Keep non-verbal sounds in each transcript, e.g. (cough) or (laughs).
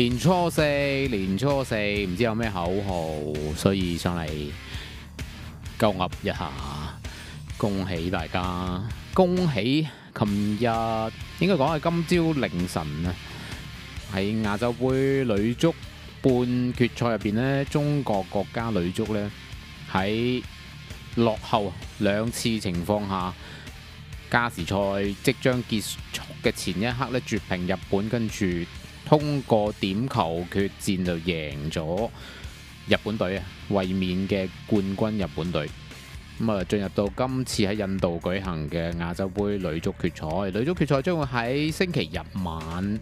年初四，年初四，唔知有咩口號，所以上嚟鳩噏一下，恭喜大家！恭喜！琴日應該講係今朝凌晨啊，喺亞洲盃女足半決賽入邊咧，中國國家女足咧喺落後兩次情況下，加時賽即將結束嘅前一刻咧，絕平日本，跟住，通過點球決戰就贏咗日本隊啊，衛冕嘅冠軍日本隊。咁啊，進入到今次喺印度舉行嘅亞洲杯女足決賽，女足決賽將會喺星期日晚，誒、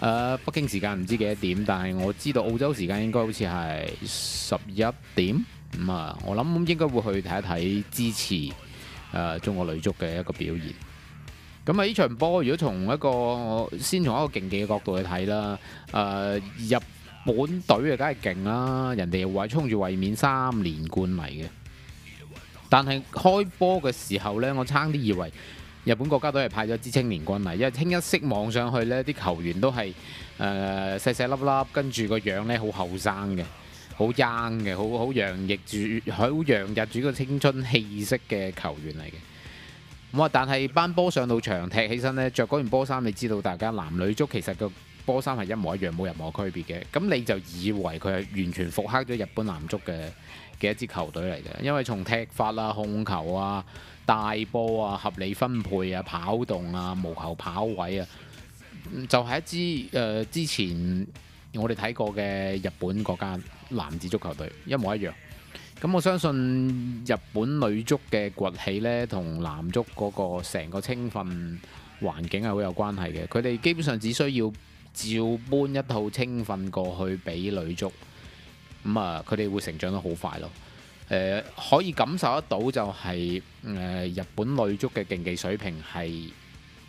呃、北京時間唔知幾多點，但係我知道澳洲時間應該好似係十一點。咁啊，我諗應該會去睇一睇支持誒、呃、中國女足嘅一個表現。咁啊！呢場波如果從一個先從一個競技嘅角度去睇啦，誒，日本隊啊，梗係勁啦！人哋又話衝住衛冕三連冠嚟嘅。但係開波嘅時候咧，我差啲以為日本國家隊係派咗支青年軍嚟，因為清一色望上去咧，啲球員都係誒細細粒粒，跟住個樣咧好後生嘅，好 young 嘅，好好洋溢住好洋溢住個青春氣息嘅球員嚟嘅。咁啊！但係班波上到場踢起身呢，着嗰件波衫，你知道大家男女足其實個波衫係一模一樣，冇任何區別嘅。咁你就以為佢係完全復刻咗日本男足嘅嘅一支球隊嚟嘅，因為從踢法啊、控球啊、大波啊、合理分配啊、跑動啊、無球跑位啊，就係、是、一支誒之前我哋睇過嘅日本嗰間男子足球隊一模一樣。咁我相信日本女足嘅崛起呢，同男足嗰個成個青訓環境係好有關係嘅。佢哋基本上只需要照搬一套青訓過去俾女足，咁啊佢哋會成長得好快咯。誒、呃、可以感受得到就係、是、誒、呃、日本女足嘅競技水平係。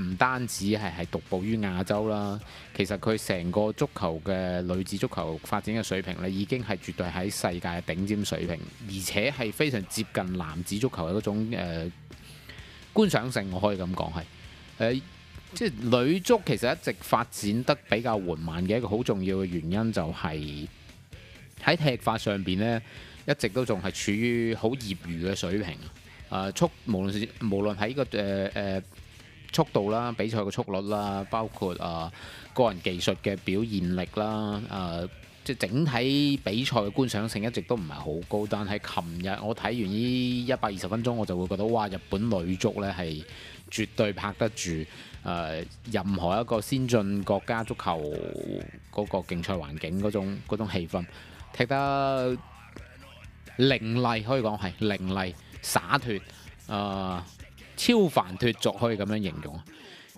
唔單止係係獨步於亞洲啦，其實佢成個足球嘅女子足球發展嘅水平咧，已經係絕對喺世界頂尖水平，而且係非常接近男子足球嘅嗰種誒、呃、觀賞性，我可以咁講係誒，即係女足其實一直發展得比較緩慢嘅一個好重要嘅原因就係喺踢法上邊呢，一直都仲係處於好業餘嘅水平啊！速、呃、無論是無論喺、這個誒誒。呃呃速度啦，比賽嘅速率啦，包括啊、呃、個人技術嘅表現力啦，誒、呃、即整體比賽嘅觀賞性一直都唔係好高，但係琴日我睇完呢一百二十分鐘，我就會覺得哇！日本女足呢係絕對拍得住誒、呃、任何一個先進國家足球嗰個競賽環境嗰種嗰種氣氛，踢得凌厲可以講係凌厲灑脱誒。超凡脫俗可以咁樣形容啊！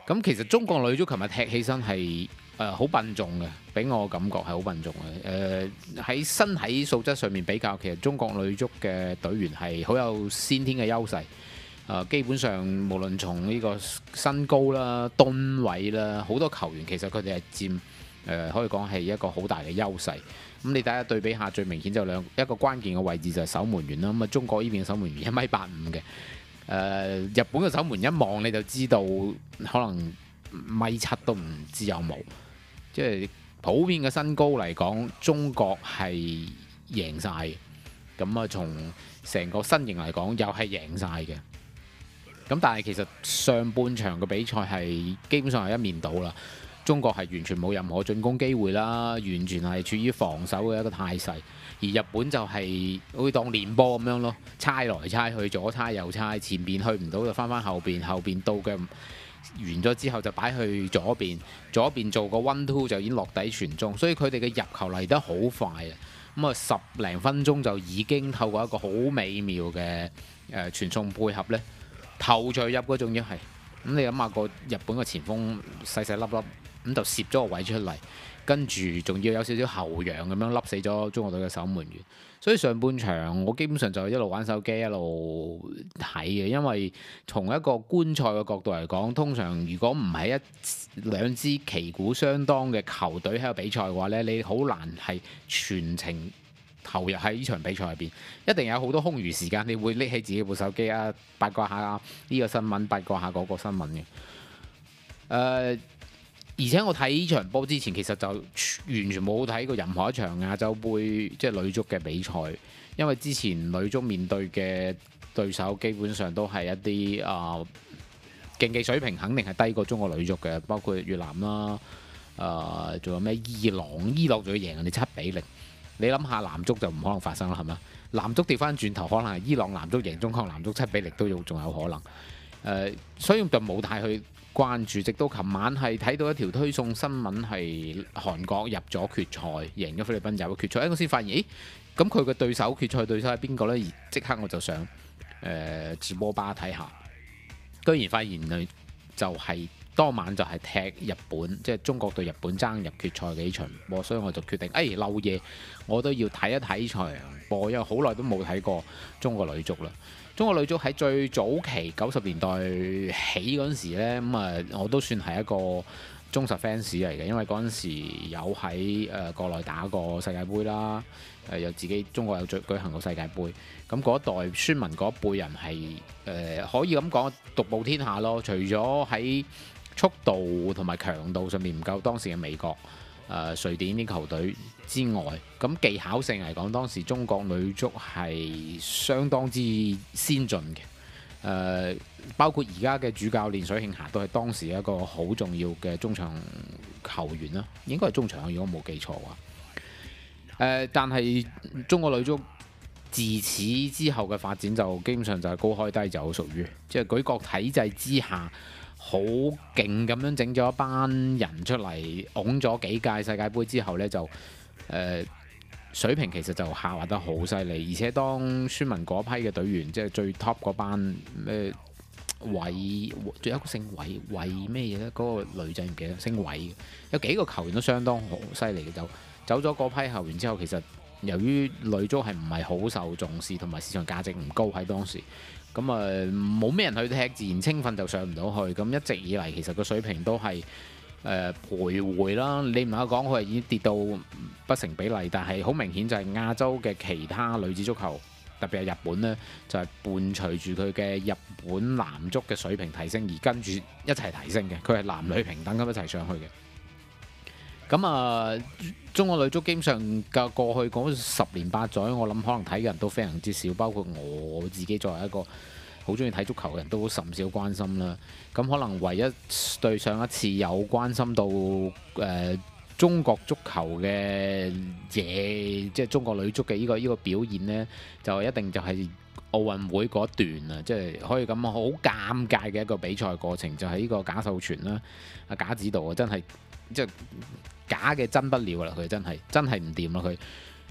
咁其實中國女足琴日踢起身係誒好笨重嘅，俾我感覺係好笨重嘅。誒、呃、喺身體素質上面比較，其實中國女足嘅隊員係好有先天嘅優勢。誒、呃、基本上無論從呢個身高啦、噸位啦，好多球員其實佢哋係佔誒可以講係一個好大嘅優勢。咁、嗯、你大家對比下，最明顯就兩一個關鍵嘅位置就係守門員啦。咁、嗯、啊，中國呢邊嘅守門員一米八五嘅。誒、uh, 日本嘅守門一望你就知道，可能米七都唔知有冇，即係普遍嘅身高嚟講，中國係贏晒。咁啊，從成個身形嚟講，又係贏晒嘅。咁但係其實上半場嘅比賽係基本上係一面倒啦。中國係完全冇任何進攻機會啦，完全係處於防守嘅一個態勢。而日本就係好似當練波咁樣咯，猜來猜去，左猜右猜，前邊去唔到就返返後邊，後邊到腳完咗之後就擺去左邊，左邊做個 one two 就已經落底傳中，所以佢哋嘅入球嚟得好快啊！咁啊十零分鐘就已經透過一個好美妙嘅誒傳送配合呢，頭在入嗰種嘢係。咁你諗下個日本嘅前鋒細細粒粒，粒。咁就攝咗個位出嚟，跟住仲要有少少後仰咁樣笠死咗中國隊嘅守門員，所以上半場我基本上就一路玩手機一路睇嘅，因為從一個觀賽嘅角度嚟講，通常如果唔係一兩支旗鼓相當嘅球隊喺度比賽嘅話呢，你好難係全程投入喺呢場比賽入邊，一定有好多空餘時間，你會拎起自己部手機啊，八卦下呢個新聞，八卦下嗰個新聞嘅，誒。 (music) (music) 而且我睇呢場波之前，其實就完全冇睇過任何一場亞洲盃，即係女足嘅比賽，因為之前女足面對嘅對手基本上都係一啲啊競技水平肯定係低過中國女足嘅，包括越南啦，誒仲有咩伊朗？伊朗仲要贏人哋七比零，你諗下男足就唔可能發生啦，係咪？男足掉翻轉頭，可能係伊朗男足贏中國男足七比零都要，仲有可能。誒、呃，所以我就冇太去關注，直到琴晚係睇到一條推送新聞，係韓國入咗決賽，贏咗菲律賓入咗決賽，我先發現，咦，咁佢嘅對手決賽對手係邊個呢？即刻我就上誒直播吧睇下，居然發現佢就係、是、當晚就係踢日本，即係中國對日本爭入決賽幾場波，所以我就決定，哎、欸，漏夜，我都要睇一睇場波，因為好耐都冇睇過中國女足啦。中國女足喺最早期九十年代起嗰陣時呢，咁啊我都算係一個忠實 fans 嚟嘅，因為嗰陣時有喺誒國內打過世界盃啦，誒又自己中國有舉舉行過世界盃，咁嗰一代孫文嗰一輩人係誒可以咁講獨步天下咯，除咗喺速度同埋強度上面唔夠當時嘅美國、誒瑞典啲球隊，之外，咁技巧性嚟講，當時中國女足係相當之先進嘅。誒、呃，包括而家嘅主教練水慶霞都係當時一個好重要嘅中場球員啦，應該係中場球員，我冇記錯話，喎。誒，但係中國女足自此之後嘅發展就基本上就係高開低走，屬於，即、就、係、是、舉國體制之下好勁咁樣整咗一班人出嚟，拱咗幾屆世界盃之後咧就。誒、呃、水平其實就下滑得好犀利，而且當孫文嗰批嘅隊員，即係最 top 嗰班咩韋，仲、呃、有一個姓韋韋咩嘢呢？嗰、那個女仔唔記得姓韋，有幾個球員都相當好犀利嘅，就走咗嗰批後，然之後其實由於女足係唔係好受重視，同埋市場價值唔高喺當時，咁啊冇咩人去踢，自然青訓就上唔到去，咁一直以嚟其實個水平都係。呃、徘徊啦，你唔能夠講佢係已經跌到不成比例，但係好明顯就係亞洲嘅其他女子足球，特別係日本呢，就係、是、伴隨住佢嘅日本男足嘅水平提升而跟住一齊提升嘅，佢係男女平等咁一齊上去嘅。咁啊、呃，中國女足經常嘅過去嗰十年八載，我諗可能睇嘅人都非常之少，包括我自己作為一個。好中意睇足球嘅人都甚少關心啦。咁可能唯一對上一次有關心到誒、呃、中國足球嘅嘢，即、就、係、是、中國女足嘅呢、這個呢、這個表現呢，就一定就係奧運會嗰段啊！即、就、係、是、可以咁好尷尬嘅一個比賽過程，就係、是、呢個賈秀全啦，阿賈指導啊，真係即係假嘅真不了啦，佢真係真係唔掂啦佢。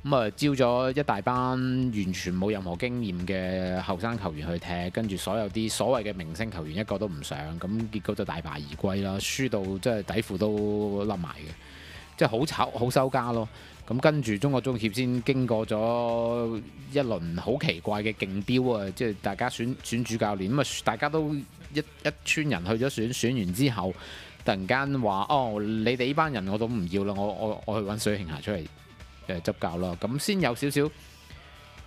咁啊，招咗一大班完全冇任何經驗嘅後生球員去踢，跟住所有啲所謂嘅明星球員一個都唔上，咁結果就大敗而歸啦，輸到即係底褲都甩埋嘅，即係好醜好收家咯。咁跟住中國足協先經過咗一輪好奇怪嘅競標啊，即係大家選選主教練，咁啊大家都一一村人去咗選，選完之後突然間話：哦，你哋呢班人我都唔要啦，我我我去揾水慶霞出嚟。誒執教咯，咁先有少少誒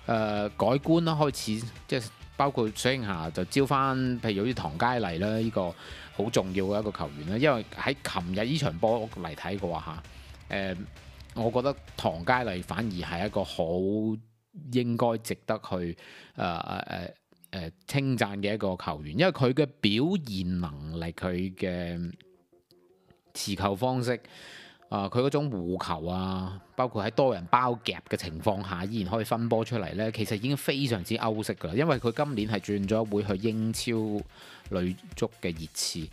改觀啦，開始即係包括水慶霞就招返，譬如好似唐佳麗啦，呢個好重要嘅一個球員啦。因為喺琴日呢場波嚟睇嘅話嚇，誒、呃，我覺得唐佳麗反而係一個好應該值得去誒誒誒誒稱讚嘅一個球員，因為佢嘅表現能力，佢嘅持球方式，啊！佢嗰種護球啊，包括喺多人包夾嘅情況下依然可以分波出嚟呢，其實已經非常之歐式噶喇，因為佢今年係轉咗會去英超女足嘅熱刺。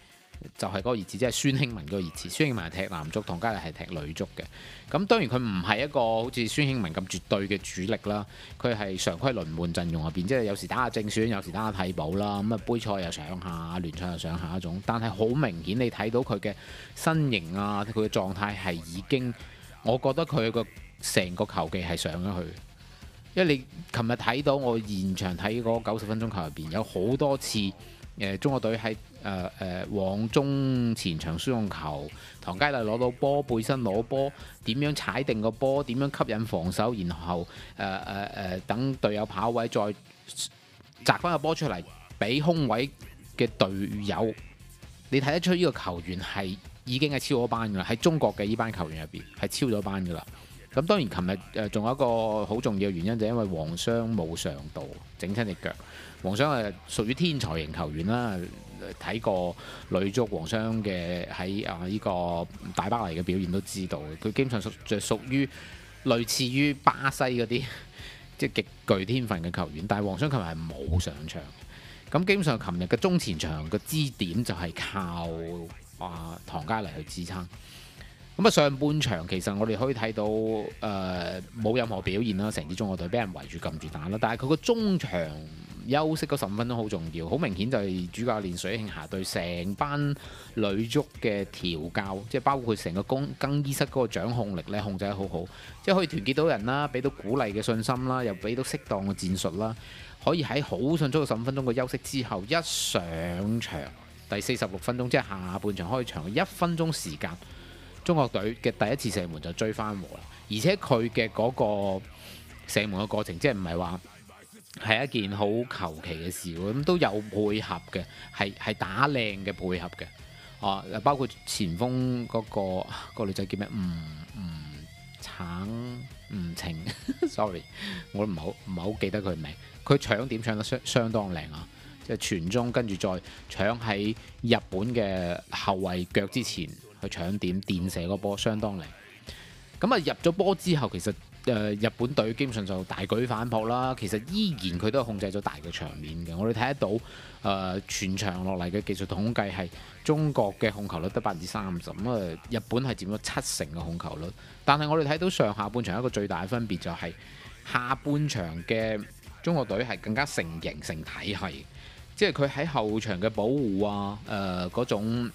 就係嗰個熱刺，即係孫興文嗰個熱刺。孫興文踢男足，唐佳麗係踢女足嘅。咁當然佢唔係一個好似孫興文咁絕對嘅主力啦。佢係常規輪換陣容入邊，即係有時打下正選，有時打下替補啦。咁啊，杯賽又上下，聯賽又上下一種。但係好明顯，你睇到佢嘅身形啊，佢嘅狀態係已經，我覺得佢個成個球技係上咗去。因為你琴日睇到我現場睇嗰九十分鐘球入邊，有好多次誒、呃、中國隊喺，誒誒，往中、呃、前場輸用球，唐佳麗攞到波，背身攞波，點樣踩定個波？點樣吸引防守？然後誒誒誒，等隊友跑位再摘翻個波出嚟俾空位嘅隊友。你睇得出呢個球員係已經係超咗班㗎啦。喺中國嘅呢班球員入邊係超咗班㗎啦。咁當然，琴日誒仲有一個好重要嘅原因就係、是、因為黃雙冇上到，整親隻腳。黃雙係屬於天才型球員啦。睇過女足王霜嘅喺啊依個大巴黎嘅表現都知道，佢經常屬著屬於類似於巴西嗰啲即係極具天分嘅球員，但係王霜琴日係冇上場。咁基本上琴日嘅中前場嘅支點就係靠啊唐佳麗去支撐。咁啊上半場其實我哋可以睇到誒冇、呃、任何表現啦，成支中國隊俾人圍住撳住打啦，但係佢個中場。休息嗰十五分鐘好重要，好明顯就係主教練水慶霞對成班女足嘅調教，即係包括成個更更衣室嗰個掌控力咧，控制得好好，即係可以團結到人啦，俾到鼓勵嘅信心啦，又俾到適當嘅戰術啦，可以喺好迅速嘅十五分鐘嘅休息之後，一上場第四十六分鐘即係下半場開場嘅一分鐘時間，中國隊嘅第一次射門就追翻和啦，而且佢嘅嗰個射門嘅過程，即係唔係話。係一件好求其嘅事喎，咁都有配合嘅，係係打靚嘅配合嘅，哦、啊，包括前鋒嗰、那個、那個女仔叫咩？吳、嗯、吳、嗯、橙吳晴、嗯、 (laughs) ，sorry，我都唔好唔係好記得佢名。佢搶點搶得相相當靚啊，即、就、係、是、傳中跟住再搶喺日本嘅後衞腳之前去搶點電射個波，相當靚、啊。咁啊入咗波之後，其實～誒日本隊基本上就大舉反撲啦，其實依然佢都係控制咗大嘅場面嘅。我哋睇得到誒、呃、全場落嚟嘅技術統計係中國嘅控球率得百分之三十，咁啊日本係佔咗七成嘅控球率。但係我哋睇到上下半場一個最大嘅分別就係下半場嘅中國隊係更加成形成體系。即係佢喺後場嘅保護啊，誒、呃、嗰種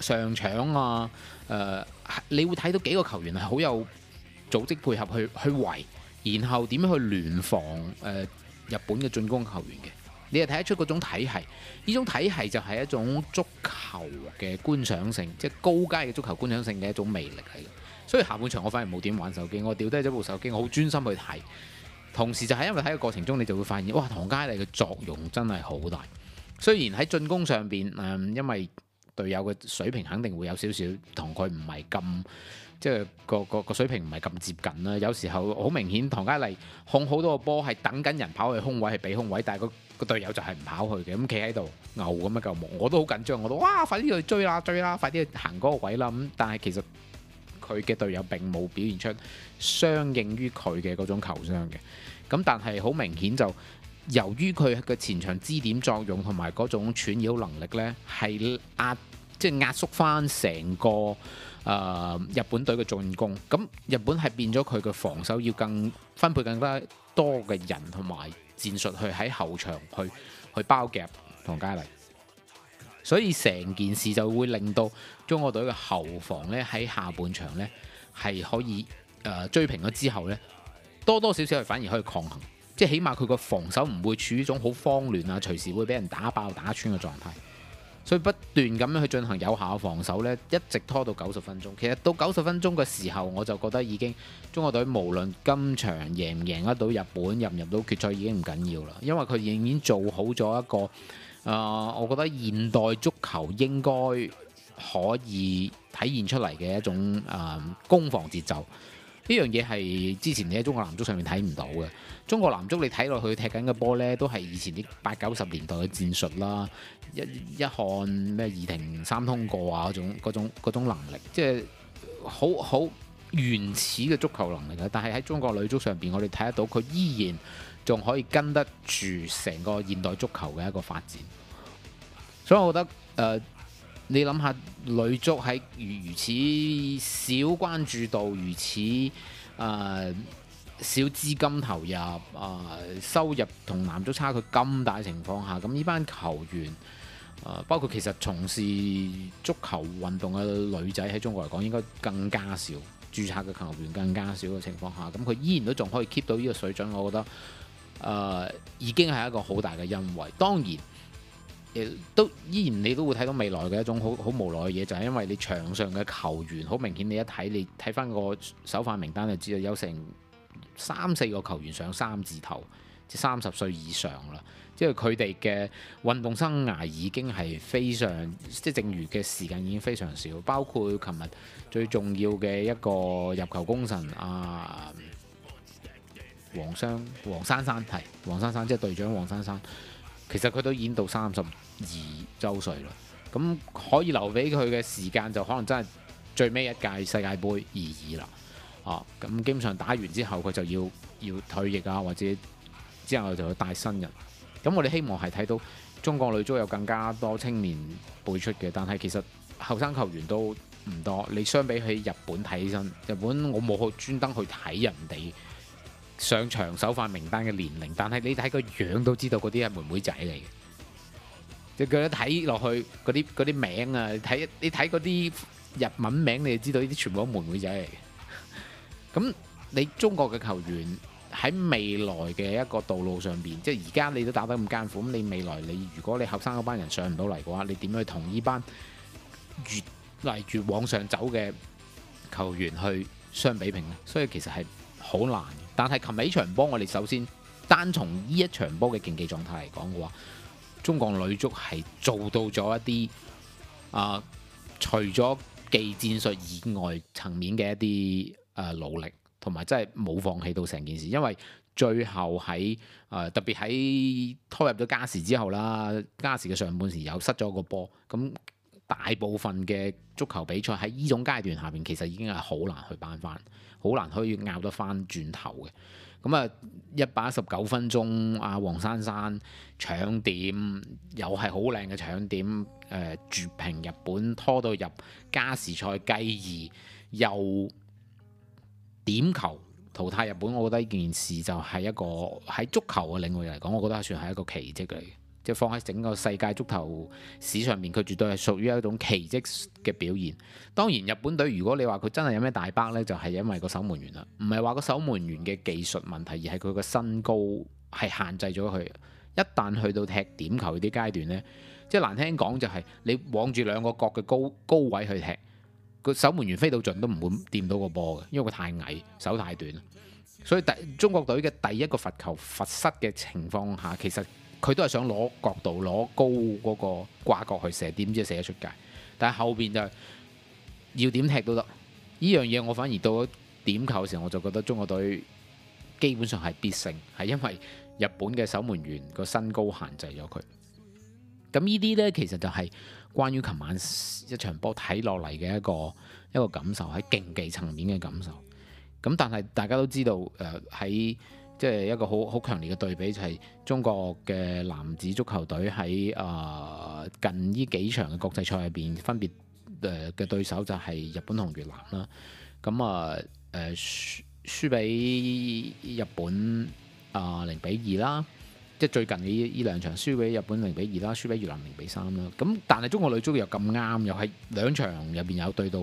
上搶啊，誒、呃、你會睇到幾個球員係好有組織配合去去圍，然後點樣去聯防誒、呃、日本嘅進攻球員嘅，你係睇得出嗰種體系，呢種體系就係一種足球嘅觀賞性，即係高階嘅足球觀賞性嘅一種魅力嚟嘅。所以下半場我反而冇點玩手機，我掉低咗部手機，我好專心去睇。同時就係因為喺個過程中，你就會發現哇，唐佳麗嘅作用真係好大。雖然喺進攻上邊誒、嗯，因為隊友嘅水平肯定會有少少同佢唔係咁。即係個個個水平唔係咁接近啦，有時候好明顯，唐佳麗控好多個波係等緊人跑去空位係俾空位，但係個個隊友就係唔跑去嘅，咁企喺度牛咁嘅嚿木，我都好緊張，我都哇快啲去追啦追啦，快啲去行嗰個位啦咁，但係其實佢嘅隊友並冇表現出相應於佢嘅嗰種球商嘅，咁但係好明顯就由於佢嘅前場支點作用同埋嗰種串繞能力呢，係壓即係、就是、壓縮翻成個。誒、呃、日本隊嘅進攻，咁日本係變咗佢嘅防守要更分配更加多嘅人同埋戰術去喺後場去去包夾唐佳麗，所以成件事就會令到中國隊嘅後防呢喺下半場呢係可以誒、呃、追平咗之後呢，多多少少係反而可以抗衡，即係起碼佢個防守唔會處於一種好慌亂啊，隨時會俾人打爆打穿嘅狀態。所以不斷咁樣去進行有效防守呢，一直拖到九十分鐘。其實到九十分鐘嘅時候，我就覺得已經中國隊無論今場贏唔贏得到日本，入唔入到決賽已經唔緊要啦。因為佢仍然做好咗一個啊、呃，我覺得現代足球應該可以體現出嚟嘅一種啊、呃、攻防節奏。呢樣嘢，係之前你喺中國男足上面睇唔到嘅。中國男足你睇落去踢緊嘅波呢，都係以前啲八九十年代嘅戰術啦。一一看咩二停三通過啊，嗰種嗰種嗰種能力，即係好好原始嘅足球能力啊。但係喺中國女足上邊，我哋睇得到佢依然仲可以跟得住成個現代足球嘅一個發展。所以我覺得誒。呃你諗下女足喺如此少關注度、如此誒少、呃、資金投入、誒、呃、收入同男足差距咁大情況下，咁呢班球員、呃、包括其實從事足球運動嘅女仔喺中國嚟講，應該更加少註冊嘅球員更加少嘅情況下，咁佢依然都仲可以 keep 到呢個水準，我覺得誒、呃、已經係一個好大嘅欣慰。當然。都依然，你都會睇到未來嘅一種好好無奈嘅嘢，就係、是、因為你場上嘅球員好明顯，你一睇你睇翻個首發名單就知道，有成三四個球員上三字頭，即三十歲以上啦。即係佢哋嘅運動生涯已經係非常，即係剩餘嘅時間已經非常少。包括琴日最重要嘅一個入球功臣啊，王珊、王珊珊，係王珊珊，即係隊長王珊珊。其實佢都已經到三十二週歲啦，咁可以留俾佢嘅時間就可能真係最尾一屆世界盃而已啦。咁、啊、基本上打完之後佢就要要退役啊，或者之後就要帶新人。咁我哋希望係睇到中國女足有更加多青年輩出嘅，但係其實後生球員都唔多。你相比起日本睇起身，日本我冇去專登去睇人哋，上場首發名單嘅年齡，但係你睇個樣都知道嗰啲係妹妹仔嚟嘅，即係佢一睇落去嗰啲嗰啲名啊，睇你睇嗰啲日文名，你就知道呢啲全部都妹妹仔嚟嘅。咁你中國嘅球員喺未來嘅一個道路上邊，即係而家你都打得咁艱苦，咁你未來你如果你後生嗰班人上唔到嚟嘅話，你點去同呢班越嚟越往上走嘅球員去相比拼呢？所以其實係好難。但係琴日呢場波，我哋首先單從呢一場波嘅競技狀態嚟講嘅話，中國女足係做到咗一啲啊、呃，除咗技戰術以外層面嘅一啲誒努力，同埋真係冇放棄到成件事。因為最後喺誒、呃、特別喺拖入咗加時之後啦，加時嘅上半時又失咗個波，咁。大部分嘅足球比賽喺呢種階段下面，其實已經係好難去扳翻，好難可以拗得翻轉頭嘅。咁啊，一百一十九分鐘，阿黃珊珊搶點，又係好靚嘅搶點，誒、呃、絕平日本，拖到入加時賽繼而又點球淘汰日本。我覺得呢件事就係一個喺足球嘅領域嚟講，我覺得算係一個奇蹟嚟。即放喺整個世界足球史上面，佢絕對係屬於一種奇蹟嘅表現。當然，日本隊如果你話佢真係有咩大伯呢，就係因為個守門員啦，唔係話個守門員嘅技術問題，而係佢個身高係限制咗佢。一旦去到踢點球嗰啲階段呢，即係難聽講就係你往住兩個角嘅高高位去踢，個守門員飛到盡都唔會掂到個波嘅，因為佢太矮，手太短。所以第中國隊嘅第一個罰球罰失嘅情況下，其實。佢都係想攞角度、攞高嗰個掛角去射，點知射得出界。但係後邊就要點踢都得。呢樣嘢我反而到咗點球嘅時候，我就覺得中國隊基本上係必勝，係因為日本嘅守門員個身高限制咗佢。咁呢啲呢，其實就係關於琴晚一場波睇落嚟嘅一個一個感受，喺競技層面嘅感受。咁但係大家都知道，誒、呃、喺即係一個好好強烈嘅對比，就係、是、中國嘅男子足球隊喺啊近呢幾場嘅國際賽入邊，分別誒嘅對手就係日本同越南啦。咁啊誒輸輸俾日本啊零比二啦，即係最近呢呢兩場輸俾日本零比二啦，輸俾越南零比三啦。咁但係中國女足又咁啱，又喺兩場入邊有對到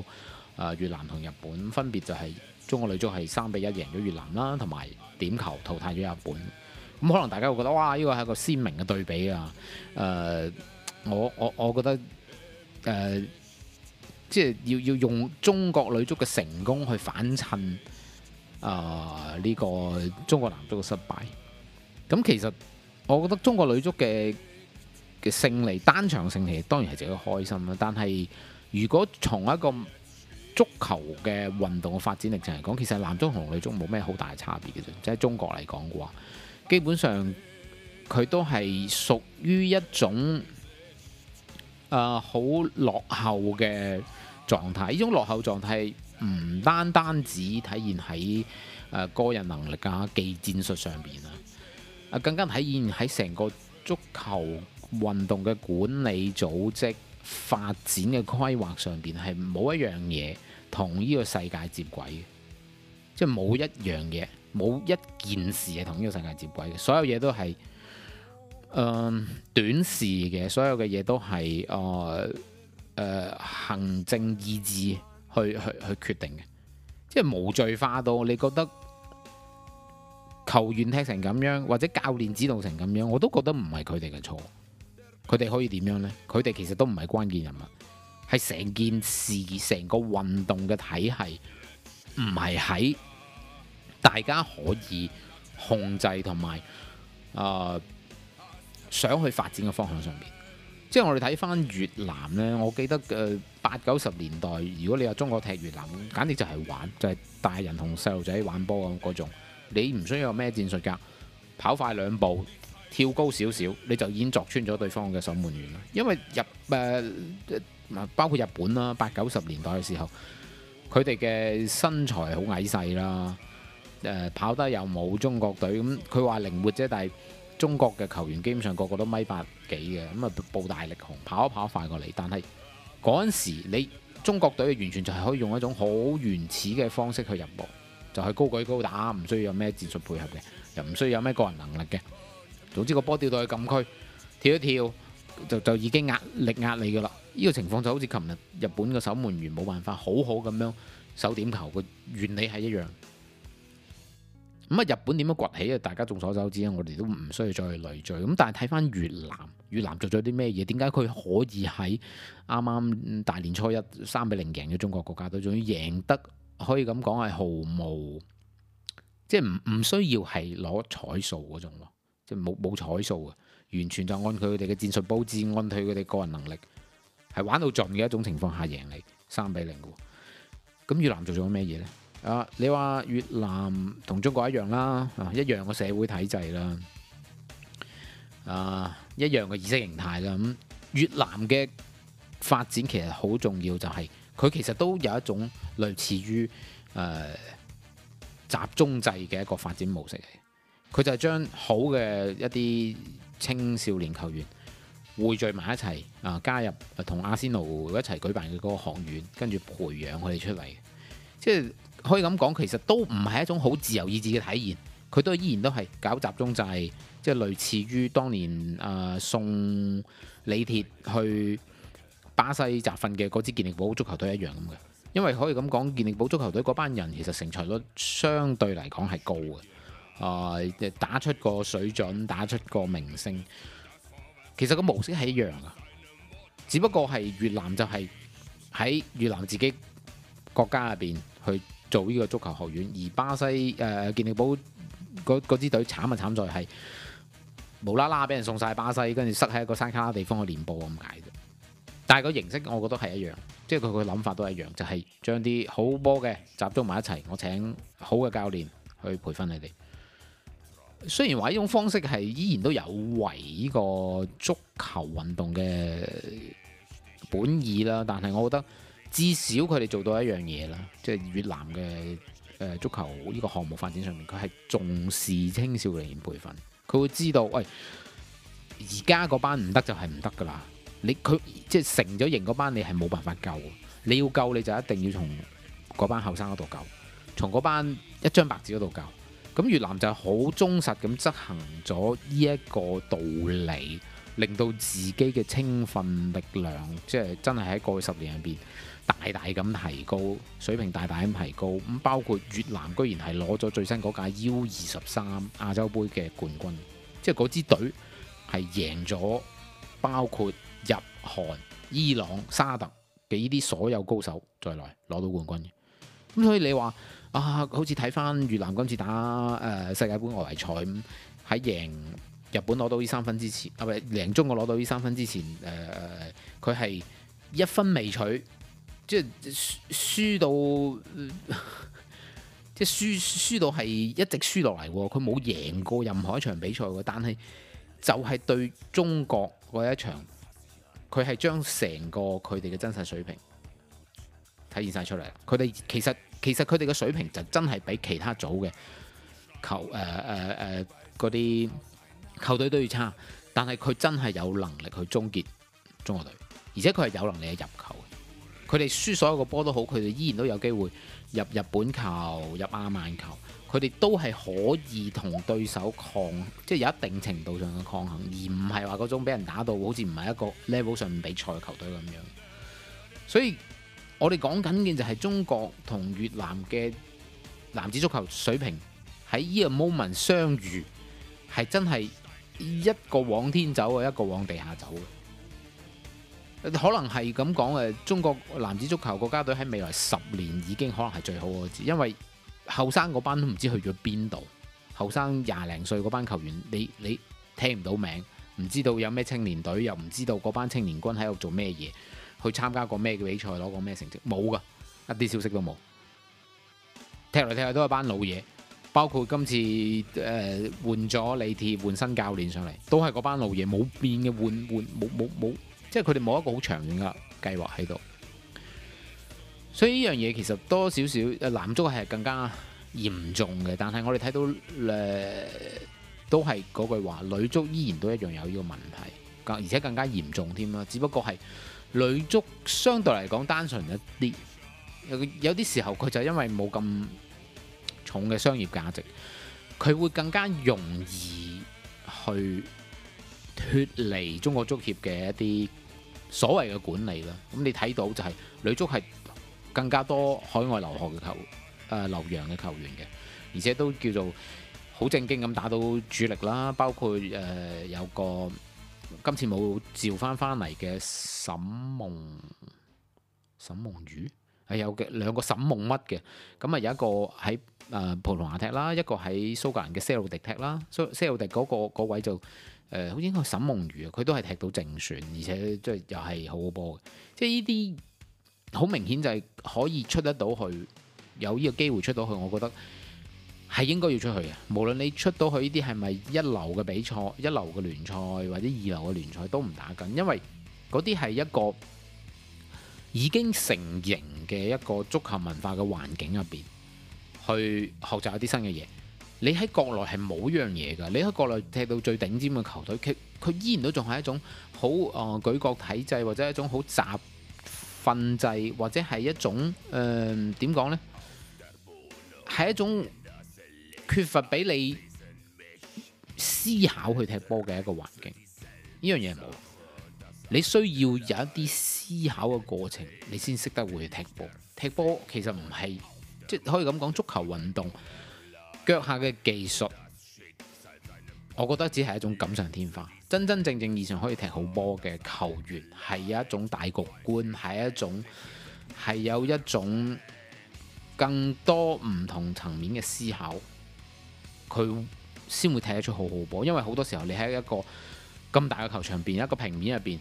啊、呃、越南同日本，分別就係、是。中國女足係三比一贏咗越南啦，同埋點球淘汰咗日本。咁、嗯、可能大家會覺得哇，呢個係一個鮮明嘅對比啊！誒、呃，我我我覺得誒，即、呃、係、就是、要要用中國女足嘅成功去反襯啊呢、呃這個中國男足嘅失敗。咁、嗯、其實我覺得中國女足嘅嘅勝利，單場勝利當然係值得開心啦，但係如果從一個足球嘅運動嘅發展歷程嚟講，其實男足同女足冇咩好大差別嘅啫。即係中國嚟講嘅話，基本上佢都係屬於一種啊好、呃、落後嘅狀態。呢種落後狀態唔單單只體現喺誒個人能力啊技戰術上面啊，更加體現喺成個足球運動嘅管理組織。發展嘅規劃上邊係冇一樣嘢同呢個世界接軌嘅，即係冇一樣嘢，冇一件事係同呢個世界接軌嘅。所有嘢都係，誒、呃，短視嘅，所有嘅嘢都係，誒、呃，誒、呃，行政意志去去去決定嘅，即係無罪化到你覺得球員踢成咁樣，或者教練指導成咁樣，我都覺得唔係佢哋嘅錯。佢哋可以點樣呢？佢哋其實都唔係關鍵人物，係成件事、成個運動嘅體係唔係喺大家可以控制同埋啊想去發展嘅方向上面。即係我哋睇返越南呢，我記得嘅八九十年代，如果你有中國踢越南，簡直就係玩，就係、是、大人同細路仔玩波咁嗰種。你唔需要有咩戰術㗎，跑快兩步。跳高少少，你就已經鑿穿咗對方嘅守門員啦。因為日誒、呃，包括日本啦，八九十年代嘅時候，佢哋嘅身材好矮細啦，誒、呃、跑得又冇中國隊咁。佢、嗯、話靈活啫，但係中國嘅球員基本上個個都米八幾嘅，咁、嗯、啊，步大力雄跑一跑，跑快過嚟。但係嗰陣時你，你中國隊完全就係可以用一種好原始嘅方式去入波，就係、是、高舉高打，唔需要有咩戰術配合嘅，又唔需要有咩個人能力嘅。總之個波掉到去禁區，跳一跳就就已經壓力壓力㗎啦！呢個情況就好似琴日日本嘅守門員冇辦法好好咁樣守點球嘅原理係一樣。咁啊，日本點樣崛起啊？大家眾所周知啊，我哋都唔需要再去累贅。咁但係睇翻越南，越南做咗啲咩嘢？點解佢可以喺啱啱大年初一三比零贏嘅中國國家隊，仲要贏得可以咁講係毫無，即係唔唔需要係攞彩數嗰種喎。即係冇冇彩數啊，完全就按佢哋嘅戰術布置，按佢哋個人能力係玩到盡嘅一種情況下贏你三比零嘅。咁越南做咗咩嘢呢？啊，你話越南同中國一樣啦，一樣個社會體制啦，啊，一樣嘅、啊、意識形態啦。咁、啊、越南嘅發展其實好重要，就係、是、佢其實都有一種類似於誒、呃、集中制嘅一個發展模式嚟。佢就係將好嘅一啲青少年球員匯聚埋一齊啊、呃，加入同、呃、阿仙奴一齊舉辦嘅嗰個學院，跟住培養佢哋出嚟。即係可以咁講，其實都唔係一種好自由意志嘅體驗。佢都依然都係搞集中制，即係類似於當年啊、呃，送李鐵去巴西集訓嘅嗰支健力寶足球隊一樣咁嘅。因為可以咁講，健力寶足球隊嗰班人其實成材率相對嚟講係高嘅。啊、呃！打出個水準，打出個明星，其實個模式係一樣噶，只不過係越南就係喺越南自己國家入邊去做呢個足球學院，而巴西誒健力寶嗰支隊慘咪慘在係無啦啦俾人送晒巴西，跟住塞喺一個山卡拉地方去練波咁解啫。但係個形式我覺得係一樣，即係佢個諗法都係一樣，就係將啲好波嘅集中埋一齊，我請好嘅教練去培訓你哋。雖然話呢種方式係依然都有違呢個足球運動嘅本意啦，但係我覺得至少佢哋做到一樣嘢啦，即係越南嘅誒足球呢個項目發展上面，佢係重視青少年培訓，佢會知道，喂，而家嗰班唔得就係唔得噶啦，你佢即係成咗型嗰班你係冇辦法救，你要救你就一定要從嗰班後生嗰度救，從嗰班一張白紙嗰度救。咁越南就好忠實咁執行咗呢一個道理，令到自己嘅青訓力量，即係真係喺過去十年入邊大大咁提高，水平大大咁提高。咁包括越南居然係攞咗最新嗰屆 U 二十三亞洲杯嘅冠軍，即係嗰支隊係贏咗包括日韓、伊朗、沙特嘅呢啲所有高手在內攞到冠軍嘅。咁所以你話？啊，好似睇翻越南今次打誒、呃、世界盃外圍賽喺贏日本攞到呢三分之前，啊唔係，贏中國攞到呢三分之前，誒佢係一分未取，即係輸到即係輸輸到係一直輸落嚟喎，佢冇贏過任何一場比賽喎，但係就係對中國嗰一場，佢係將成個佢哋嘅真實水平體現晒出嚟，佢哋其實。其實佢哋嘅水平就真係比其他組嘅球誒誒誒嗰啲球隊都要差，但係佢真係有能力去終結中國隊，而且佢係有能力入球。佢哋輸所有個波都好，佢哋依然都有機會入日本球，入阿曼球，佢哋都係可以同對手抗，即係有一定程度上嘅抗衡，而唔係話嗰種俾人打到好似唔係一個 level 上比賽嘅球隊咁樣。所以。我哋講緊嘅就係中國同越南嘅男子足球水平喺呢個 moment 相遇，係真係一個往天走啊，一個往地下走嘅。可能係咁講嘅，中國男子足球國家隊喺未來十年已經可能係最好嘅次，因為後生嗰班都唔知去咗邊度，後生廿零歲嗰班球員，你，你聽唔到名，唔知道有咩青年隊，又唔知道嗰班青年軍喺度做咩嘢。去參加過咩嘅比賽，攞過咩成績？冇噶，一啲消息都冇。踢嚟踢去都係班老嘢，包括今次誒換咗李鐵換新教練上嚟，都係嗰班老嘢，冇變嘅，換換冇冇冇，即係佢哋冇一個好長遠嘅計劃喺度。所以呢樣嘢其實多少少誒，男足係更加嚴重嘅，但係我哋睇到誒、呃、都係嗰句話，女足依然都一樣有呢個問題，而且更加嚴重添啦，只不過係。女足相對嚟講單純一啲，有有啲時候佢就因為冇咁重嘅商業價值，佢會更加容易去脫離中國足協嘅一啲所謂嘅管理啦。咁你睇到就係、是、女足係更加多海外留學嘅球誒留、呃、洋嘅球員嘅，而且都叫做好正經咁打到主力啦，包括誒、呃、有個。今次冇召翻翻嚟嘅沈夢沈夢雨係有嘅兩個沈夢乜嘅，咁啊有一個喺誒葡萄牙踢啦，一個喺蘇格蘭嘅些路迪踢啦，蘇些路迪嗰、那個那個位就誒、呃，應該係沈夢雨啊，佢都係踢到正選，而且即係又係好嘅波，即係呢啲好明顯就係可以出得到去，有呢個機會出到去，我覺得，係應該要出去嘅，無論你出到去呢啲係咪一流嘅比賽、一流嘅聯賽或者二流嘅聯賽都唔打緊，因為嗰啲係一個已經成型嘅一個足球文化嘅環境入邊去學習一啲新嘅嘢。你喺國內係冇一樣嘢㗎，你喺國內踢到最頂尖嘅球隊，佢佢依然都仲係一種好誒、呃、舉國體制，或者一種好集訓制，或者係一種誒點講呢？係一種。呃缺乏俾你思考去踢波嘅一個環境，呢樣嘢冇。你需要有一啲思考嘅過程，你先識得會去踢波。踢波其實唔係，即可以咁講，足球運動腳下嘅技術，我覺得只係一種錦上添花。真真正正以上可以踢好波嘅球員，係有一種大局觀，係一種係有一種更多唔同層面嘅思考。佢先會踢得出好好波，因為好多時候你喺一個咁大嘅球場，邊一個平面入邊，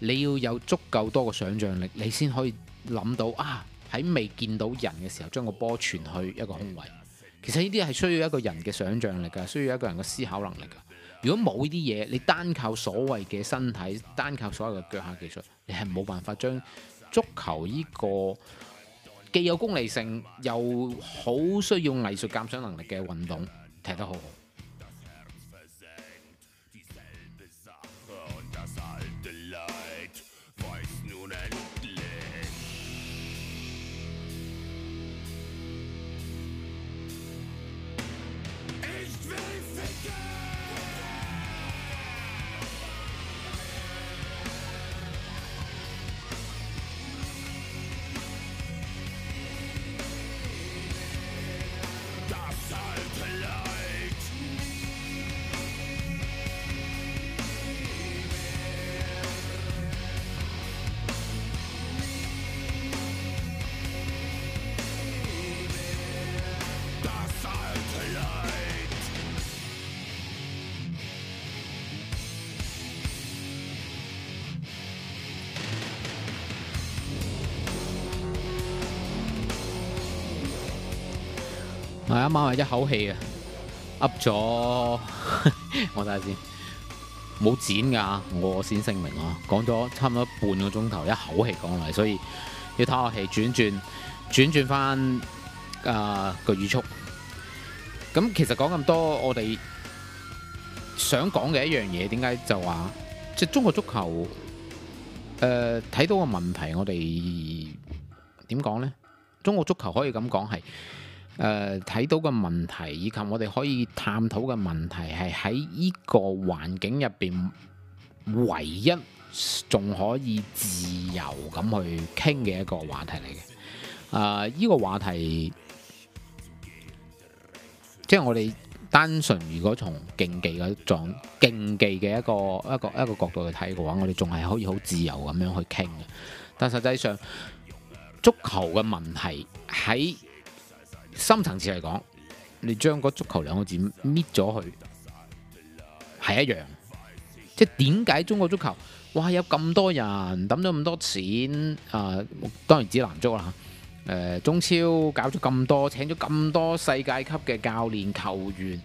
你要有足夠多嘅想象力你先可以諗到啊，喺未見到人嘅時候，將個波傳去一個空位。其實呢啲係需要一個人嘅想象力嘅，需要一個人嘅思考能力嘅。如果冇呢啲嘢，你單靠所謂嘅身體，單靠所謂嘅腳下技術，你係冇辦法將足球呢個既有功利性，又好需要藝術鑑賞能力嘅運動。踢得好好。一晚啱啱係一口氣啊，噏咗 (laughs) 我睇下先，冇剪噶，我先聲明啊，講咗差唔多半個鐘頭，一口氣講嚟，所以要唞下氣轉轉轉轉返啊個語速。咁其實講咁多，我哋想講嘅一樣嘢，點解就話即係中國足球？誒、呃，睇到個問題，我哋點講咧？中國足球可以咁講係。誒，睇、呃、到嘅問題以及我哋可以探討嘅問題，係喺呢個環境入邊唯一仲可以自由咁去傾嘅一個話題嚟嘅。誒、呃、呢，這個話題即係我哋單純如果從競技嘅一種競技嘅一個一個一個角度去睇嘅話，我哋仲係可以好自由咁樣去傾嘅。但實際上足球嘅問題喺深層次嚟講，你將個足球兩個字搣咗佢，係一樣。即係點解中國足球，哇有咁多人抌咗咁多錢啊、呃？當然指南足啦，誒、呃，中超搞咗咁多，請咗咁多世界級嘅教練球員，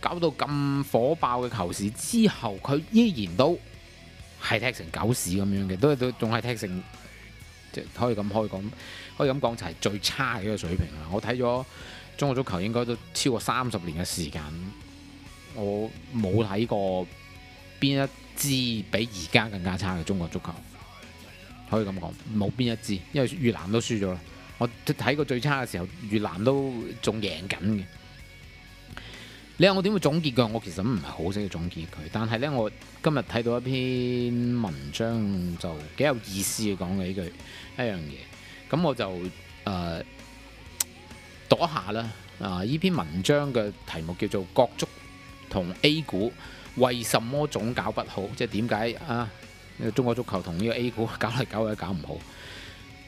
搞到咁火爆嘅球市之後，佢依然都係踢成狗屎咁樣嘅，都都仲係踢成，即可以咁，可以講。可以咁講，就係最差嘅一個水平啦。我睇咗中國足球，應該都超過三十年嘅時間，我冇睇過邊一支比而家更加差嘅中國足球。可以咁講，冇邊一支，因為越南都輸咗啦。我睇過最差嘅時候，越南都仲贏緊嘅。你話我點會總結㗎？我其實唔係好識要總結佢，但係呢，我今日睇到一篇文章就幾有意思嘅講嘅呢句一樣嘢。咁我就誒、呃、讀下啦。啊，呢篇文章嘅題目叫做《國足同 A 股為什麼總搞不好》，即係點解啊？呢個、中國足球同呢個 A 股搞嚟搞去搞唔好。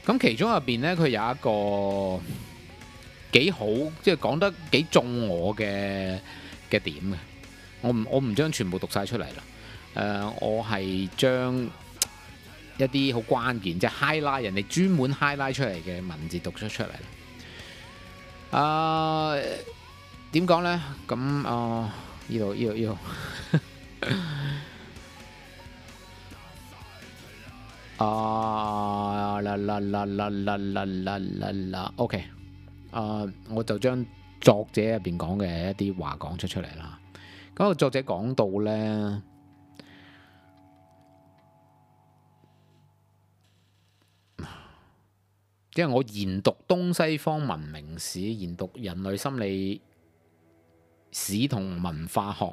咁其中入邊呢，佢有一個幾好，即係講得幾中我嘅嘅點嘅。我唔我唔將全部讀晒出嚟啦。誒、呃，我係將。一啲好關鍵，即係 highlight 人哋專門 highlight 出嚟嘅文字讀出出嚟啦。啊，點講呢？咁啊，呢度呢度呢度啊！啦啦啦啦啦啦啦啦！OK，啊，我就將作者入邊講嘅一啲話講出出嚟啦。嗰個作者講到呢。因為我研讀東西方文明史、研讀人類心理史同文化學，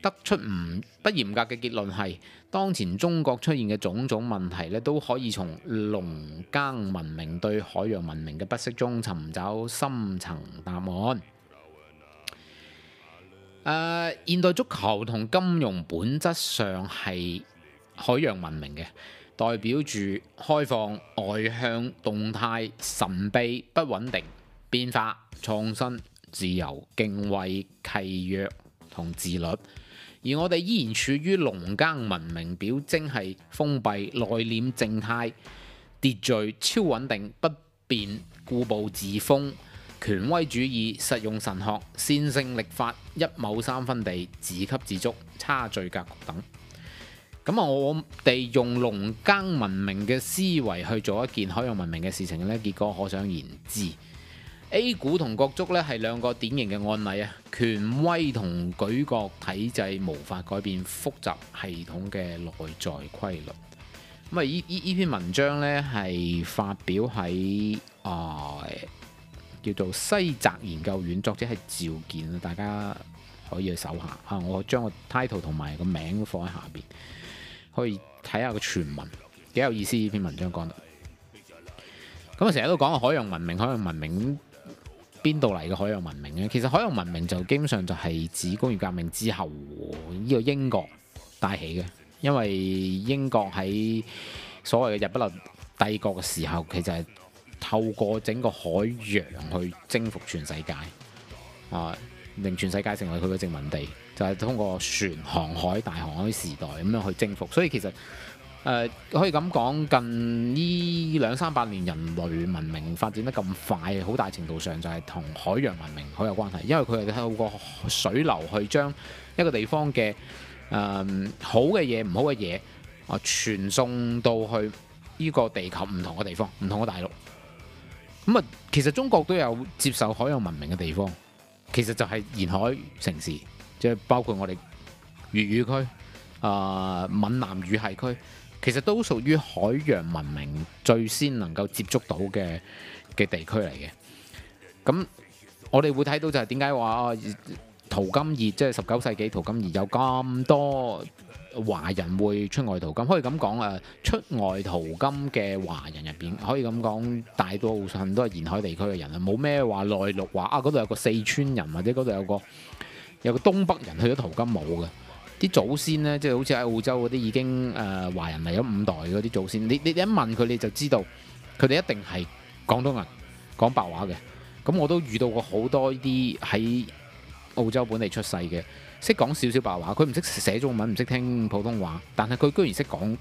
得出唔不嚴格嘅結論係，當前中國出現嘅種種問題咧，都可以從農耕文明對海洋文明嘅不適中尋找深層答案。誒、呃，現代足球同金融本質上係海洋文明嘅。代表住開放、外向、動態、神秘、不穩定、變化、創新、自由、敬畏、契約同自律；而我哋依然處於農耕文明，表徵係封閉、內斂、靜態、秩序、超穩定、不變、固步自封、權威主義、實用神學、線性立法、一畝三分地、自給自足、差序格局等。咁啊！我哋用農耕文明嘅思維去做一件海洋文明嘅事情呢，結果可想而知。A 股同國足呢係兩個典型嘅案例啊！權威同舉國體制無法改變複雜系統嘅內在規律。咁啊，依依篇文章呢係發表喺啊、呃，叫做西澤研究院，作者係趙建。大家可以去搜下啊，我將個 title 同埋個名，名放喺下邊。可以睇下個全文，幾有意思呢篇文章講得。咁我成日都講海洋文明，海洋文明邊度嚟嘅海洋文明呢？其實海洋文明就基本上就係指工業革命之後呢個英國帶起嘅，因為英國喺所謂嘅日不落帝國嘅時候，其實係透過整個海洋去征服全世界，啊，令全世界成為佢嘅殖民地。就係通過船航海大航海時代咁樣去征服，所以其實誒、呃、可以咁講，近呢兩三百年人類文明發展得咁快，好大程度上就係同海洋文明好有關係，因為佢係透過水流去將一個地方嘅誒、呃、好嘅嘢、唔好嘅嘢啊傳送到去呢個地球唔同嘅地方、唔同嘅大陸。咁、嗯、啊，其實中國都有接受海洋文明嘅地方，其實就係沿海城市。即係包括我哋粵語區、啊、呃、閩南語系區，其實都屬於海洋文明最先能夠接觸到嘅嘅地區嚟嘅。咁我哋會睇到就係點解話淘金熱，即係十九世紀淘金熱有咁多華人會出外淘金，可以咁講啊！出外淘金嘅華人入邊，可以咁講，大多數都係沿海地區嘅人啊，冇咩話內陸話啊，嗰度有個四川人或者嗰度有個。有個東北人去咗淘金冇嘅，啲祖先呢，即係好似喺澳洲嗰啲已經誒、呃、華人嚟咗五代嗰啲祖先，你你一問佢你就知道，佢哋一定係廣東人講白話嘅。咁我都遇到過好多呢啲喺澳洲本地出世嘅，識講少少白話，佢唔識寫中文，唔識聽普通話，但係佢居然識講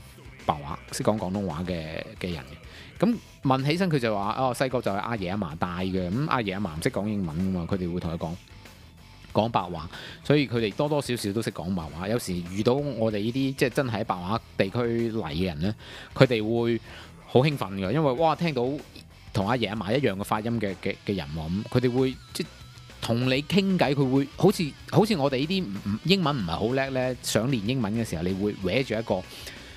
白話，識講廣東話嘅嘅人嘅。咁問起身佢就話：哦，細個就係阿爺阿嫲帶嘅，咁、嗯、阿爺阿嫲唔識講英文㗎嘛，佢哋會同佢講。講白話，所以佢哋多多少少都識講白話。有時遇到我哋呢啲即係真係喺白話地區嚟嘅人呢，佢哋會好興奮嘅，因為哇聽到同阿爺阿嫲一樣嘅發音嘅嘅嘅人，佢哋會即同你傾偈，佢會好似好似我哋呢啲英文唔係好叻呢，想練英文嘅時候，你會搲住一個誒、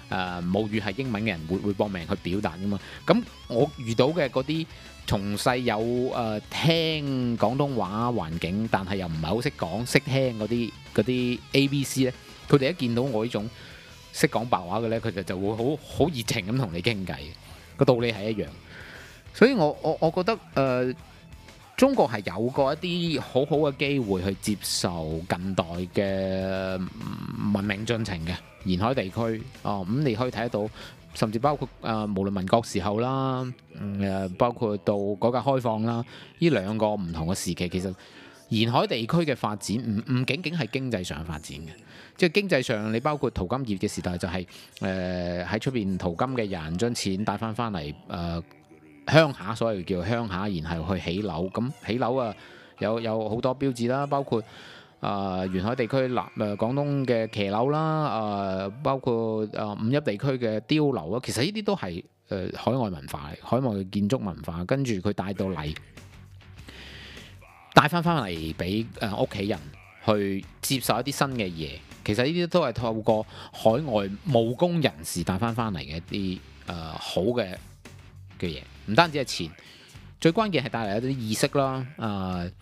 呃、母語係英文嘅人，會會搏命去表達噶嘛。咁我遇到嘅嗰啲。從細有誒聽廣東話環境，但係又唔係好識講，識聽嗰啲嗰啲 A、B、C 咧。佢哋一見到我呢種識講白話嘅，呢佢哋就會好好熱情咁同你傾偈。個道理係一樣，所以我我我覺得誒、呃、中國係有過一啲好好嘅機會去接受近代嘅進程嘅沿海地區哦，咁你可以睇得到，甚至包括誒、呃，無論民國時候啦，誒、呃，包括到改革開放啦，呢兩個唔同嘅時期，其實沿海地區嘅發展唔唔僅僅係經濟上發展嘅，即係經濟上你包括淘金業嘅時代，就是，就係誒喺出邊淘金嘅人將錢帶翻翻嚟誒鄉下，所謂叫鄉下，然後去起樓，咁起樓啊有有好多標誌啦，包括。啊、呃！沿海地區南誒、呃、廣東嘅騎樓啦，啊、呃、包括啊、呃、五邑地區嘅碉樓啊，其實呢啲都係誒、呃、海外文化、海外嘅建築文化，跟住佢帶到嚟，帶翻翻嚟俾誒屋企人去接受一啲新嘅嘢。其實呢啲都係透過海外務工人士帶翻翻嚟嘅一啲誒、呃、好嘅嘅嘢，唔單止係錢，最關鍵係帶嚟一啲意識啦，啊、呃！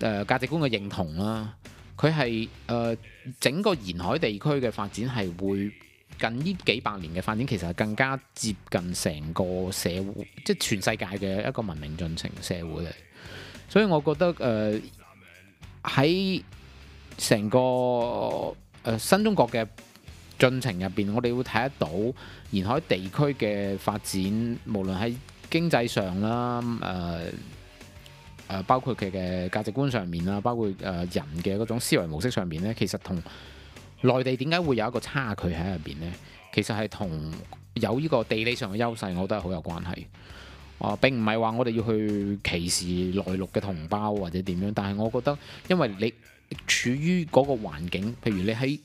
誒、呃、價值觀嘅認同啦，佢係誒整個沿海地區嘅發展係會近呢幾百年嘅發展，其實係更加接近成個社會，即係全世界嘅一個文明進程社會嚟。所以我覺得誒喺成個誒、呃、新中國嘅進程入邊，我哋會睇得到沿海地區嘅發展，無論喺經濟上啦，誒、呃。誒包括佢嘅價值觀上面啦，包括誒人嘅嗰種思維模式上面咧，其實同內地點解會有一個差距喺入邊呢？其實係同有呢個地理上嘅優勢，我覺得係好有關係。啊、呃，並唔係話我哋要去歧視內陸嘅同胞或者點樣，但係我覺得因為你處於嗰個環境，譬如你喺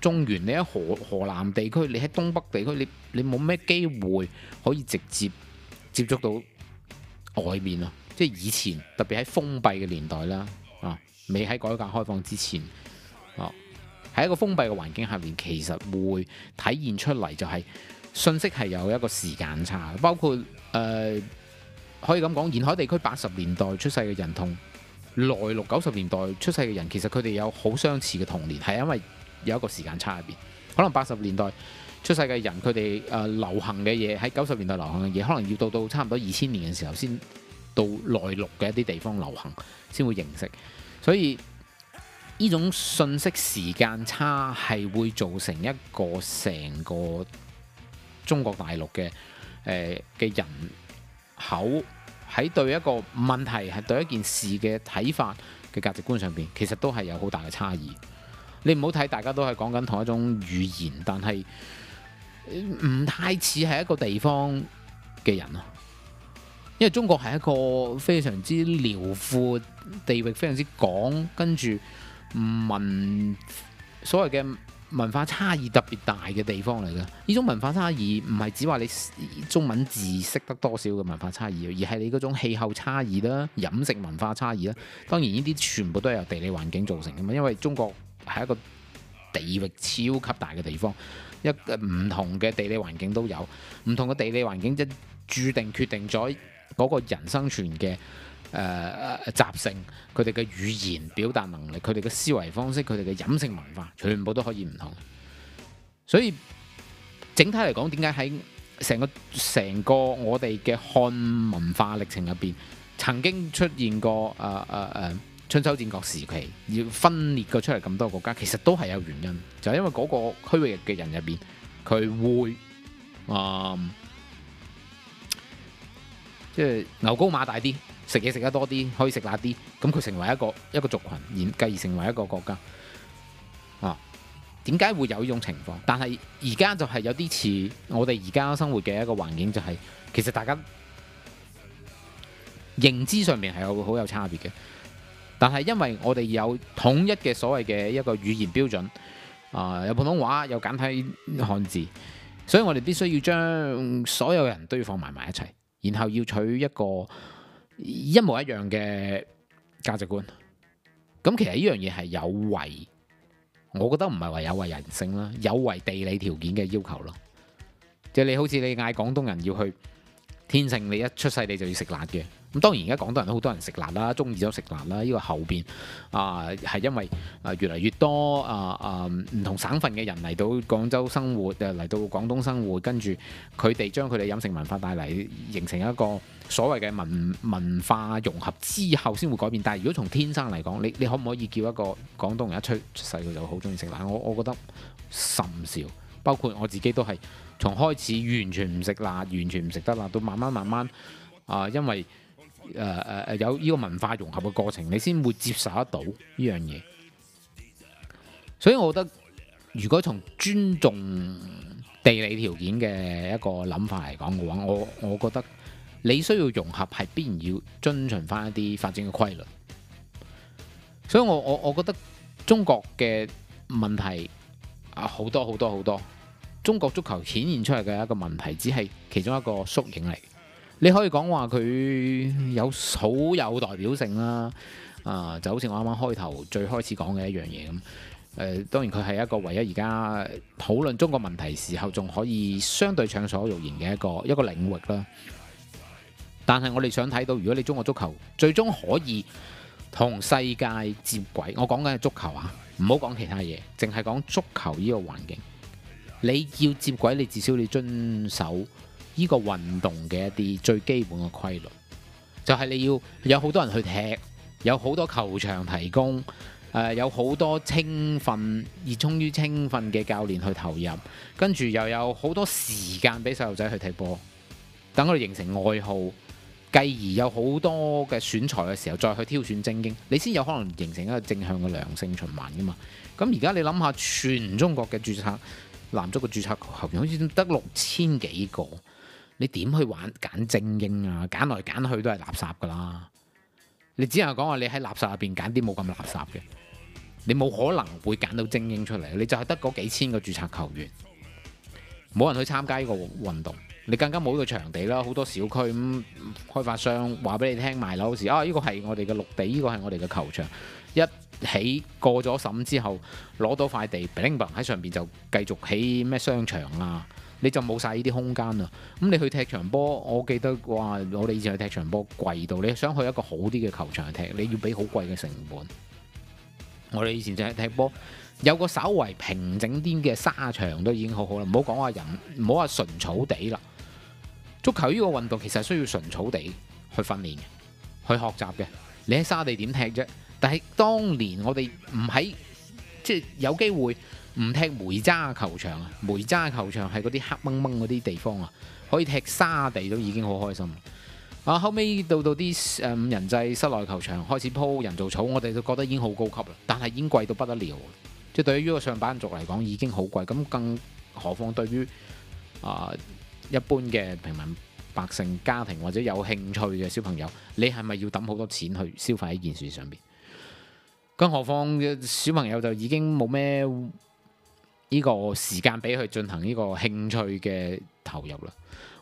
中原，你喺河河南地區，你喺東北地區，你你冇咩機會可以直接接觸到外面啊！即係以前，特別喺封閉嘅年代啦，啊，未喺改革開放之前，哦、啊，喺一個封閉嘅環境下面，其實會體現出嚟就係、是、信息係有一個時間差。包括誒、呃，可以咁講，沿海地區八十年代出世嘅人同內陸九十年代出世嘅人，其實佢哋有好相似嘅童年，係因為有一個時間差入邊。可能八十年代出世嘅人，佢哋誒流行嘅嘢喺九十年代流行嘅嘢，可能要到到差唔多二千年嘅時候先，到內陸嘅一啲地方流行，先會認識，所以呢種信息時間差係會造成一個成個中國大陸嘅誒嘅人口喺對一個問題係對一件事嘅睇法嘅價值觀上邊，其實都係有好大嘅差異。你唔好睇大家都係講緊同一種語言，但係唔太似係一個地方嘅人咯。因為中國係一個非常之遼闊地域，非常之廣，跟住文所謂嘅文化差異特別大嘅地方嚟嘅。呢種文化差異唔係只話你中文字識得多少嘅文化差異，而係你嗰種氣候差異啦、飲食文化差異啦。當然呢啲全部都係由地理環境造成嘅嘛。因為中國係一個地域超級大嘅地方，一唔同嘅地理環境都有，唔同嘅地理環境即注定決定咗。嗰個人生存嘅誒習性，佢哋嘅語言表達能力，佢哋嘅思維方式，佢哋嘅飲食文化，全部都可以唔同。所以整體嚟講，點解喺成個成個我哋嘅漢文化歷程入邊，曾經出現過誒誒誒春秋戰國時期要分裂過出嚟咁多國家，其實都係有原因，就係、是、因為嗰個區域嘅人入邊佢會誒。呃即係牛高馬大啲，食嘢食得多啲，可以食辣啲，咁佢成為一個一個族群，而繼而成為一個國家。啊，點解會有呢種情況？但係而家就係有啲似我哋而家生活嘅一個環境，就是，就係其實大家認知上面係有好有差別嘅。但係因為我哋有統一嘅所謂嘅一個語言標準，啊，有普通話，有簡體漢字，所以我哋必須要將所有人堆放埋埋一齊。然後要取一個一模一樣嘅價值觀，咁其實呢樣嘢係有違，我覺得唔係話有違人性啦，有違地理條件嘅要求咯，即係你好似你嗌廣東人要去天性，你一出世你就要食辣嘅。咁當然而家廣東人都好多人食辣啦，中意咗食辣啦。呢、呢個後邊啊係因為啊越嚟越多啊啊唔同省份嘅人嚟到廣州生活，誒嚟到廣東生活，跟住佢哋將佢哋飲食文化帶嚟，形成一個所謂嘅文文化融合之後，先會改變。但係如果從天生嚟講，你你可唔可以叫一個廣東人一出世佢就好中意食辣？我我覺得甚少，包括我自己都係從開始完全唔食辣，完全唔食得辣，到慢慢慢慢啊、呃，因為誒誒有呢個文化融合嘅過程，你先會接受得到呢樣嘢。所以我覺得，如果從尊重地理條件嘅一個諗法嚟講嘅話，我我覺得你需要融合係必然要遵循翻一啲發展嘅規律。所以我我我覺得中國嘅問題啊好多好多好多，中國足球顯現出嚟嘅一個問題，只係其中一個縮影嚟。你可以講話佢有好有代表性啦、啊，啊，就好似我啱啱開頭最開始講嘅一樣嘢咁。誒、呃，當然佢係一個唯一而家討論中國問題時候仲可以相對暢所欲言嘅一個一個領域啦。但係我哋想睇到，如果你中國足球最終可以同世界接軌，我講緊係足球啊，唔好講其他嘢，淨係講足球呢個環境。你要接軌，你至少你遵守呢個運動嘅一啲最基本嘅規律，就係、是、你要有好多人去踢，有好多球場提供，誒、呃、有好多青訓熱衷於青訓嘅教練去投入，跟住又有好多時間俾細路仔去踢波，等佢哋形成愛好，繼而有好多嘅選材嘅時候再去挑選精英，你先有可能形成一個正向嘅良性循環㗎嘛。咁而家你諗下，全中國嘅註冊男足嘅註冊球員好似得六千幾個。你點去玩揀精英啊？揀來揀去都係垃圾噶啦！你只能講話你喺垃圾入邊揀啲冇咁垃圾嘅，你冇可能會揀到精英出嚟。你就係得嗰幾千個註冊球員，冇人去參加呢個運動，你更加冇呢個場地啦。好多小區咁，開發商話俾你聽賣樓時啊，呢個係我哋嘅綠地，呢個係我哋嘅球場，一起過咗審之後攞到塊地，bling bling 喺上邊就繼續起咩商場啦！你就冇晒呢啲空間啦，咁你去踢場波，我記得話，我哋以前去踢場波貴到，貴你想去一個好啲嘅球場去踢，你要俾好貴嘅成本。我哋以前淨係踢波，有個稍為平整啲嘅沙場都已經好好啦，唔好講話人，唔好話純草地啦。足球呢個運動其實需要純草地去訓練、去學習嘅，你喺沙地點踢啫？但係當年我哋唔喺，即係有機會。唔踢煤渣球場啊！煤渣球場係嗰啲黑掹掹嗰啲地方啊，可以踢沙地都已經好開心。啊，後尾到到啲誒五人制室內球場開始鋪人造草，我哋都覺得已經好高級啦。但係已經貴到不得了，即係對於一個上班族嚟講已經好貴。咁更何況對於啊、呃、一般嘅平民百姓家庭或者有興趣嘅小朋友，你係咪要抌好多錢去消費喺件事上邊？更何況小朋友就已經冇咩～呢個時間俾佢進行呢個興趣嘅投入啦。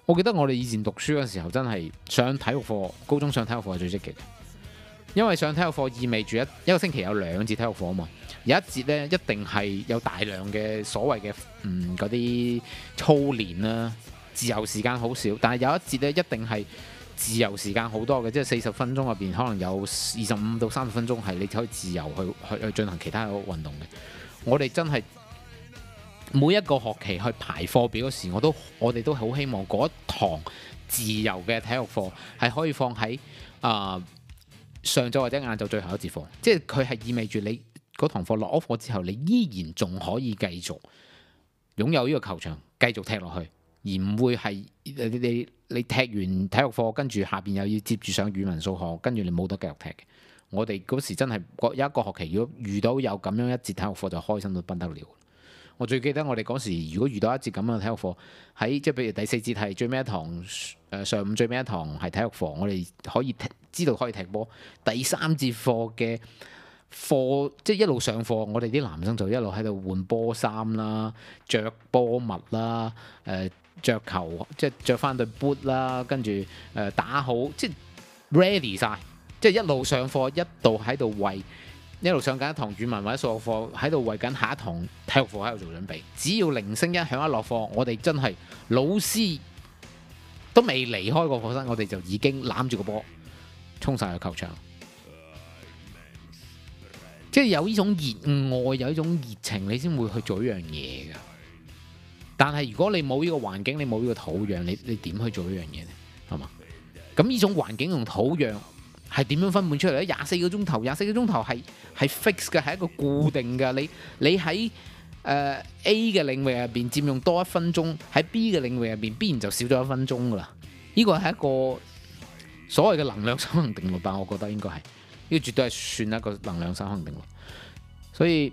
我記得我哋以前讀書嘅時候，真係上體育課，高中上體育課係最積極嘅，因為上體育課意味住一一個星期有兩節體育課啊嘛。有一節呢，一定係有大量嘅所謂嘅嗯，嗰啲操練啦，自由時間好少。但係有一節呢，一定係自由時間好多嘅，即係四十分鐘入邊可能有二十五到三十分鐘係你可以自由去去進行其他嘅運動嘅。我哋真係～每一個學期去排課表嗰時，我都我哋都好希望嗰一堂自由嘅體育課係可以放喺啊、呃、上晝或者晏晝最後一節課，即係佢係意味住你嗰堂課落咗課之後，你依然仲可以繼續擁有呢個球場繼續踢落去，而唔會係你你你踢完體育課，跟住下邊又要接住上語文數學，跟住你冇得繼續踢。我哋嗰時真係一個學期，如果遇到有咁樣一節體育課，就開心到不得了。我最記得我哋嗰時，如果遇到一節咁嘅體育課，喺即係譬如第四節係最尾一堂，誒上午最尾一堂係體育課，我哋可以踢，知道可以踢波。第三節課嘅課即係、就是、一路上課，我哋啲男生就一路喺度換波衫啦、着波襪啦、誒、呃、著球，即係着返對 boot 啦，跟住誒打好，即、就、係、是、ready 晒。即係一路上課，一路喺度喂。一路上緊一堂語文或者數學課，喺度為緊下一堂體育課喺度做準備。只要鈴聲一響一落課，我哋真係老師都未離開過課室，我哋就已經攬住個波衝晒去球場。即係有呢種熱愛，有呢種熱情，你先會去做一樣嘢噶。但係如果你冇呢個環境，你冇呢個土壤，你你點去做呢樣嘢呢？係嘛？咁呢種環境同土壤係點樣分配出嚟咧？廿四個鐘頭，廿四個鐘頭係係 fix 嘅，係一個固定嘅。你你喺誒、呃、A 嘅領域入邊佔用多一分鐘，喺 B 嘅領域入邊必然就少咗一分鐘噶啦。呢、這個係一個所謂嘅能量守恒定律吧？我覺得應該係，呢、這個絕對係算一個能量守恒定律。所以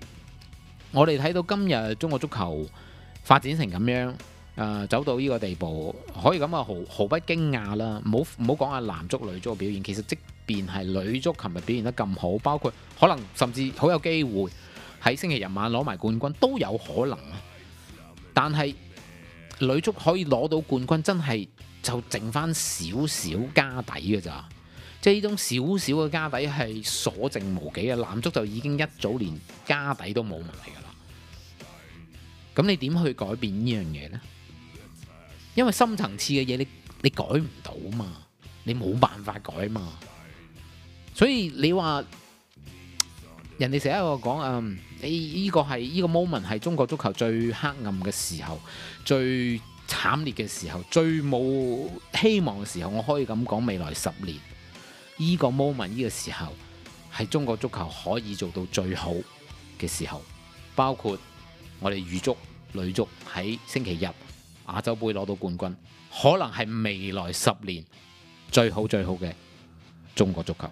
我哋睇到今日中國足球發展成咁樣，誒、呃、走到呢個地步，可以咁啊，毫毫不驚訝啦。唔好講啊男足女足嘅表現，其實即便係女足琴日表現得咁好，包括可能甚至好有機會喺星期日晚攞埋冠軍都有可能。但係女足可以攞到冠軍，真係就剩翻少少家底㗎咋。即係呢種少少嘅家底係所剩無幾嘅。男足就已經一早連家底都冇埋㗎啦。咁你點去改變呢樣嘢呢？因為深層次嘅嘢，你你改唔到啊嘛，你冇辦法改嘛。所以你話人哋成日一個講，誒、嗯，依、哎呢個係呢、呢個 moment 係中國足球最黑暗嘅時候、最慘烈嘅時候、最冇希望嘅時候。我可以咁講，未來十年呢、呢個 moment 呢個時候係中國足球可以做到最好嘅時候。包括我哋預祝女足喺星期日亞洲盃攞到冠軍，可能係未來十年最好最好嘅中國足球。